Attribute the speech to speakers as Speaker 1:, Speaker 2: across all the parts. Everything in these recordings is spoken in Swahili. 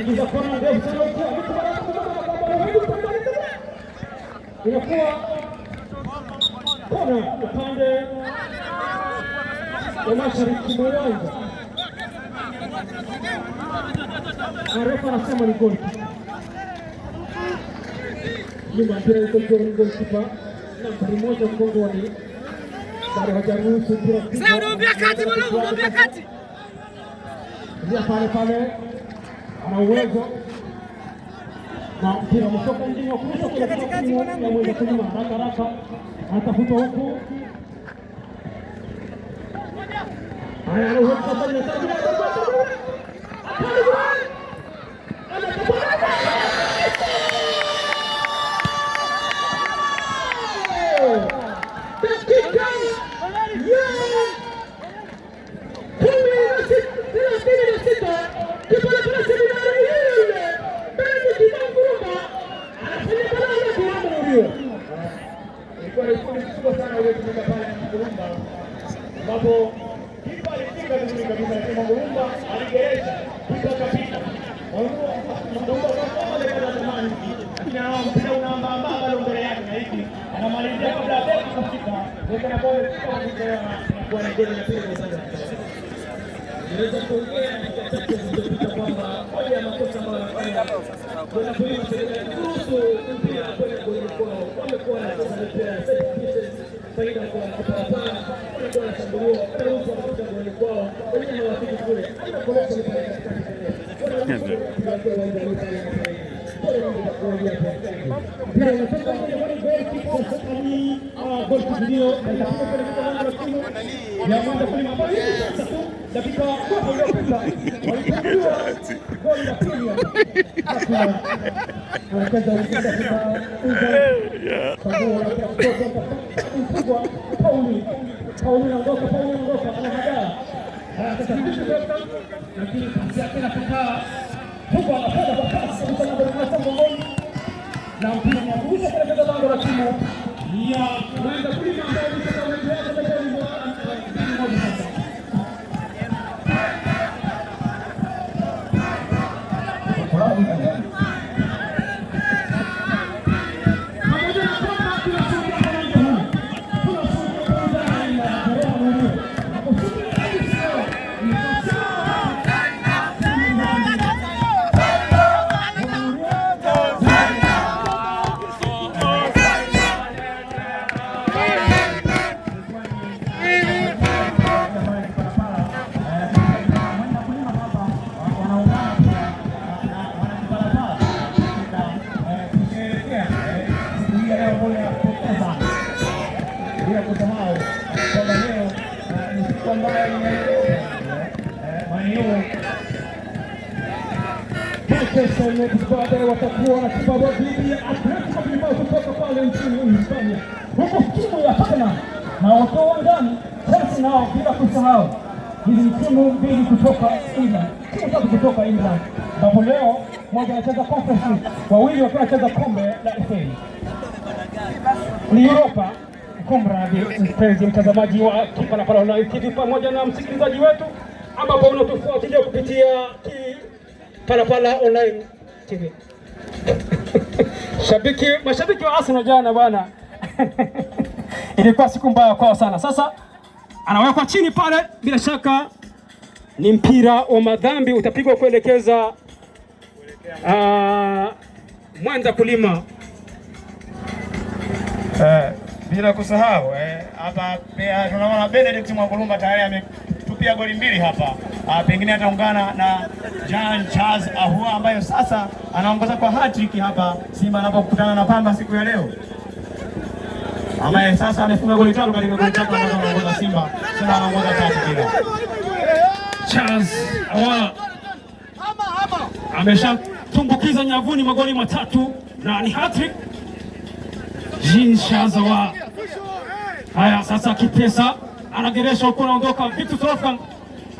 Speaker 1: inakuwa kona upande wa mashariki mwa uwanja. Arefa anasema ni goli, nyuma mpira ukokiwa ni goli kipa nambari moja
Speaker 2: mgongoni, bado hajaruhusu mpira kupita
Speaker 1: pale pale na uwezo na mpira msoko ndio kuisha kule mwenye kulima haraka haraka atafuta huku haya anaweza kufanya Naweza kuongea zilizopita kwamba moja ya makosa ambayo wanafanya wanapoima kuruhusu mpira kwenda kwenye kwao, wamekuwa wanacheza faida kwa kupapaa, wanakuwa wanashambulia, wanaruhusu wanapita kwenye kwao, wengine hawapiti kule, hata korofa pale katikati, wanaruhusu uwanja huu pale na pale pole, mambo ya kuongea kwa mpira unatoka kwenye goli kipa sasa ni Coach Kusudio alitafuta kwenda katika lango la timu ya Mwanza Prima ambayo ilipata tu dakika tatu iliyopita walipatiwa goli la Premium. Hakuna anaweza kuingia katika uza kwa kutoka mfugwa Pauli Pauli anaondoka Pauli anaondoka anahadaa anasababisha sasa, lakini pasi yake inapitia huko, anakwenda kwa kasi kabisa na ndio mgongo na mpira unarusha katika lango la timu या kesho mechi baadaye watakuwa na kibarua dhidi ya Atletico Bilbao kutoka pale nchini Uhispania, huku timu ya Tottenham na wakiwa ndani Chelsea nao bila kusahau. Hizi ni timu mbili kutoka England, timu tatu kutoka England, ambapo leo moja anacheza Conference League, wawili wakiwa anacheza kombe la FA ni Europa. Kumradhi mpenzi mtazamaji wa Kipa na Online TV pamoja na msikilizaji wetu, ambapo unatufuatilia kupitia Palapala Online TV. Shabiki, mashabiki wa Arsenal jana bwana ilikuwa siku mbaya kwao sana. Sasa anawekwa chini pale, bila shaka ni mpira wa madhambi utapigwa kuelekeza uh, Mwanza kulima eh, bila kusahau eh, hapa tunaona Benedict Mwangulumba tayari ametupia goli mbili hapa uh, pengine ataungana na Jean Charles Ahua ambaye sasa anaongoza kwa hatrick hapa Simba anapokutana na Pamba siku ya leo, ambaye sasa amefunga goli tatu katika goli tatu ambazo anaongoza Simba sasa, anaongoza tatu bila Charles Ahoua ameshatumbukiza nyavuni magoli matatu na ni hatrick. Jean Charles Ahua. haya sasa, kipesa anageresha huko, anaondoka vitu tofa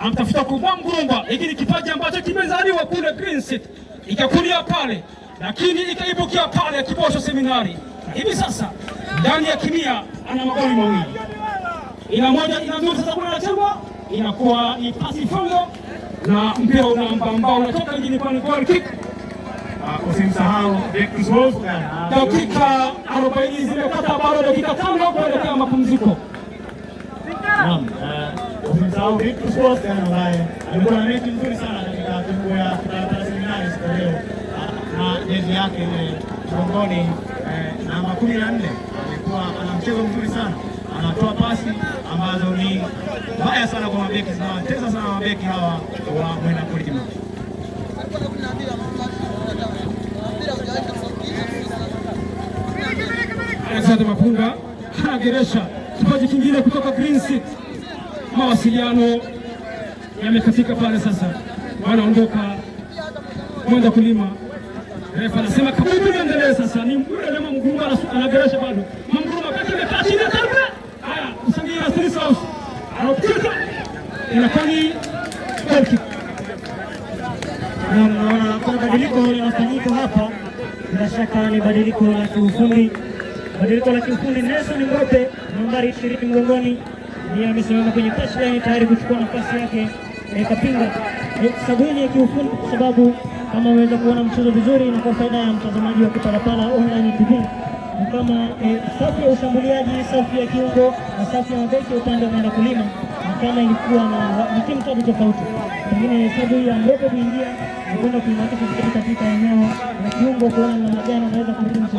Speaker 1: amtafuta Kurban mgomba. hiki ni kipaji ambacho kimezaliwa kule Green City ikakulia pale, lakini ikaibukia pale Kibosho Seminari, na hivi sasa ndani ya kimia ana magoli mawili, ina moja inazuri sasa kuna chama inakuwa ni pasi fungo na mpira una mbamba unatoka mjini kwa goal kick. Ah, usimsahau dakika 40 zimekata, bado dakika 5 kuelekea mapumziko kumsahau Victor Costa ambaye alikuwa na mechi nzuri sana katika fungu ya Barabara Seminari siku leo na jezi yake ile mgongoni namba kumi na nne alikuwa ana mchezo mzuri sana, anatoa pasi ambazo ni mbaya sana kwa mabeki, zinawatesa sana mabeki hawa wa Mwenda Kulima. Mapunga anageresha kipaji kingine kutoka Green Six mawasiliano yamekatika pale, sasa wanaondoka kwenda kulima. Refa anasema endelee sasa, ni mbure Mguruma Mguruma anageresha bado Mguruma kati ya tarbe. Haya, msanii wa Street House anapita inakuwa ni goal Naona kuna badiliko linafanyika hapa, bila shaka ni badiliko la kiufundi, badiliko la kiufundi. Nelson Ngope nambari 20 mgongoni ndiye amesimama kwenye touchline tayari kuchukua nafasi yake e, Kapinga e, eh, Sabwili ya kiufundi kwa sababu kama unaweza kuona mchezo vizuri na kwa faida ya mtazamaji wa Kipalapala Online TV kama e, safu ya ushambuliaji, safu ya kiungo na safu ya mabeki upande wa kulima kama ilikuwa na timu tatu tofauti, pengine sababu ya Mroko kuingia na kwenda kuimarisha katika eneo la kiungo, kuona namna gani anaweza kurudi mchezo.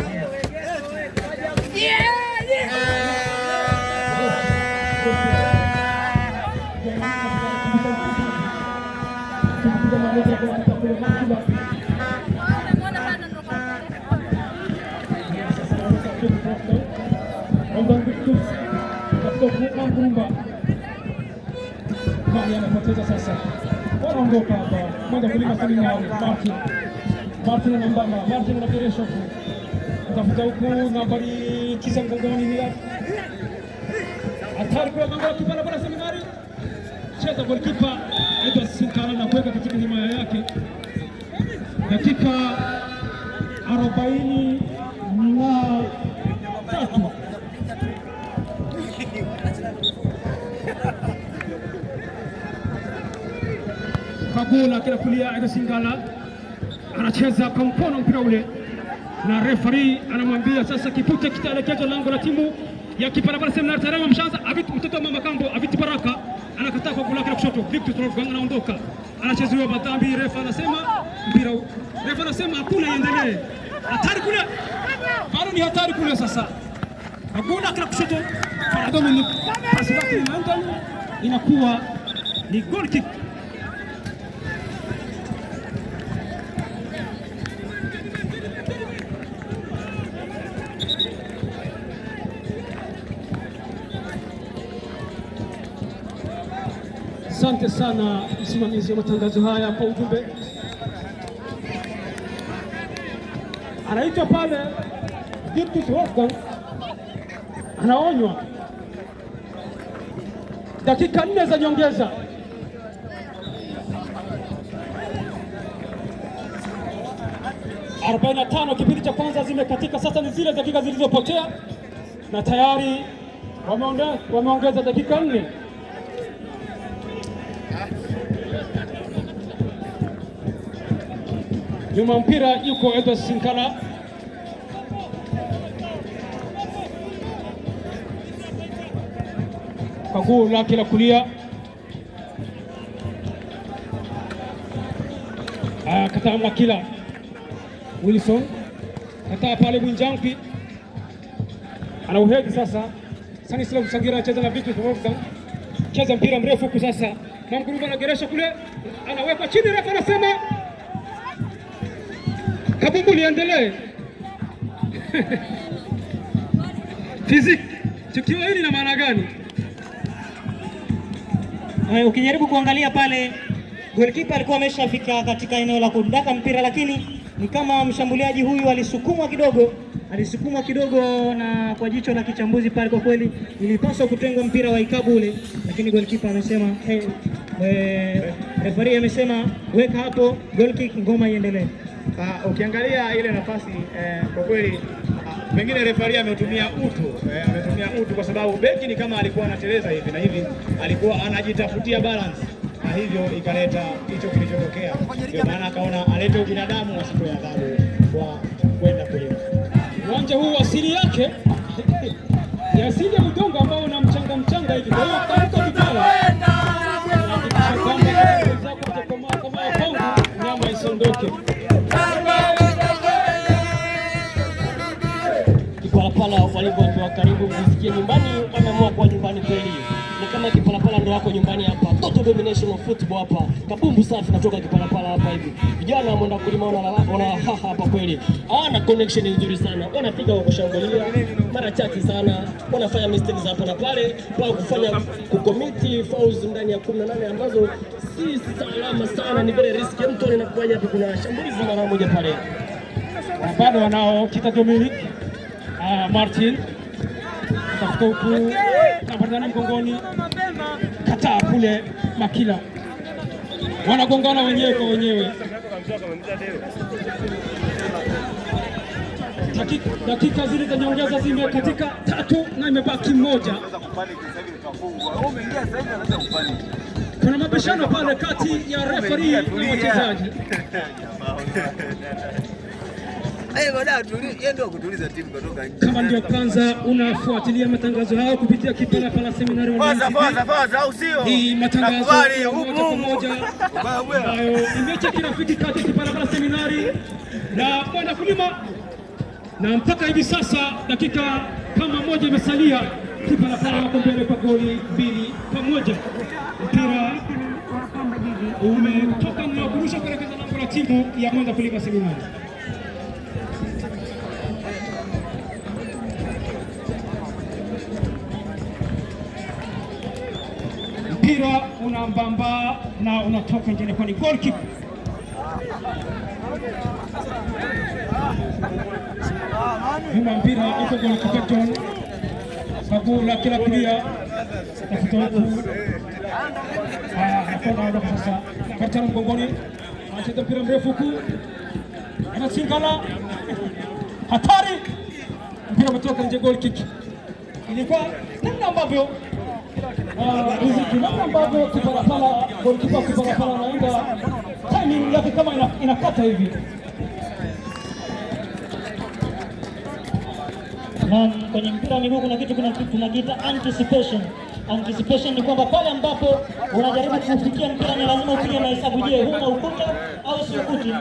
Speaker 1: katika Nkurumah. Bali anapoteza sasa, wanaondoka hapa moja kulima Seminari. Martin Martin anambamba, Martin anakeresha huku, atafuta huku nambari tisa mgongoni, hila hatari kwa mgongo wa kipa na bora Seminari, cheza golikipa Edward Sinkana na kuweka katika himaya yake dakika arobaini gula kila kulia. Aida Singala anacheza kwa mkono mpira ule, na referee anamwambia sasa, kipute kitaelekezwa lango la timu ya kiparapara sehemu Tarama Tarama Mshanza. Mtoto wa mama Kambo Aviti Baraka anakataa kwa gula kila kushoto. Victor Trofgang anaondoka, anachezewa Batambi. Refa anasema mpira, refa anasema hakuna, iendelee. Hatari kule, bado ni hatari kule. Sasa hakuna kila kushoto, Dominic pasi inakuwa ni goal kick. Asante sana msimamizi wa matangazo haya kwa ujumbe. Anaitwa pale Diptiti Wolfgang, anaonywa dakika nne za nyongeza. arobaini na tano kipindi cha kwanza zimekatika. Sasa ni zile dakika zilizopotea na tayari wameongeza dakika nne. Nyuma mpira yuko Edward Sinkala. kaguu guu lake la kulia kataa makila Wilson, kataa pale Mwinjampi ana uhegi sasa. Sanisla Msangira anacheza na Vitus Morgan, cheza mpira mrefu huku sasa, Manguruva anageresha kule, anawekwa chini, refa anasema Kabubu liendelee. Fiziki. Tukio hili na maana gani? Eh, ukijaribu kuangalia pale goalkeeper alikuwa ameshafika katika eneo la kudaka mpira, lakini ni kama mshambuliaji huyu alisukumwa kidogo, alisukumwa kidogo, na kwa jicho la kichambuzi pale, kwa kweli ilipaswa kutengwa mpira wa ikabu ule, lakini goalkeeper amesema hey, eh, referee amesema weka hapo goal kick, ngoma iendelee. Ah, ukiangalia ile nafasi eh, kwa kweli ah, pengine refari ametumia utu eh, ametumia utu kwa sababu beki ni kama alikuwa anateleza hivi na hivi, alikuwa anajitafutia balance na hivyo ikaleta hicho kilichotokea. Ndio maana akaona alete ubinadamu na siku ya adhabu kwa kwenda kule uwanja huu, asili yake ya asili ya udongo ambao una mchanga mchanga hivi, kwa hiyo watu wa karibu, msikie nyumbani, wanaamua kuwa nyumbani kweli. Ni kama Kipalapala ndo wako nyumbani hapa, Toto domination of football hapa, kabumbu safi natoka Kipalapala hapa hivi. Vijana wameenda kulima, wana wana haha hapa kweli, hawana connection nzuri sana, wanapiga kwa kushambulia mara chache sana, wanafanya mistakes hapa na pale, kwa kufanya kukomiti fouls ndani ya 18 ambazo si salama sana, ni very risky. Mtu anakuja hapa, kuna shambulizi mara moja pale, bado wanao kita Dominic Martin tafuta huku napatana mgongoni, kataa kule, Makila wanagongana wenyewe kwa wenyewe. Dakika zile za nyongeza zimekatika tatu na imebaki moja. Kuna mabishano pale kati ya refari na wachezaji Eh, kama ndio kwanza unafuatilia matangazo hayo kupitia Kipalapala Seminari, ni matangazo moja kwa moja ambayo imecha kirafiki kati ya Kipalapala Seminari na kwenda Kulima, na mpaka hivi sasa dakika kama moja imesalia, Kipalapala wako mbele kwa goli mbili kwa moja. Mpira umetoka na kurusha kuelekeza lango la timu ya Mwanza Kulima Seminari. mpira unambamba na unatoka nje, kwani goalkeeper nyuma mpira uko goalkeeper John kaguu la kila kulia sasa, katana mgongoni, anacheza mpira mrefu huku, anasingana hatari, mpira umetoka nje, goal kick ilikuwa namna ambavyo hizi namna ambavyo kiparapara golikipa kiparapara anaenda timing yake kama inakata hivi na kwenye mpira wa miguu kuna kitu tunakiita anticipation. Anticipation ni kwamba pale ambapo unajaribu kufikia mpira ni lazima upige mahesabu. Je, huna ukuta au si ukuti?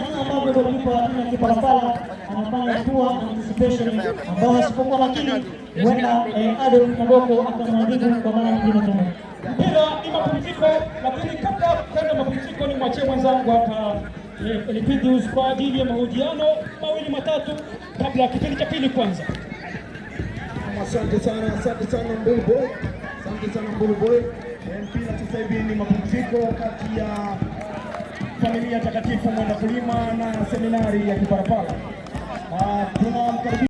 Speaker 1: namna ambavyo golikipa wa timu ya Kipalapala anafanya poor anticipation, ambao asipokuwa makini huenda eh, Adolf Kagoko akamwadhibu kwa mara nyingine tena. Mpira ni mapumziko, lakini kabla kwenda mapumziko, ni mwachie mwenzangu hapa eh, Elpidius kwa ajili ya mahojiano mawili matatu kabla ya kipindi cha pili kwanza. Asante sana, asante sana Mbulu asante sana Mbulu eh, Mpira sasa hivi ni mapumziko kati ya familia takatifu Mwendakulima na seminari ya Kipalapala. Ah,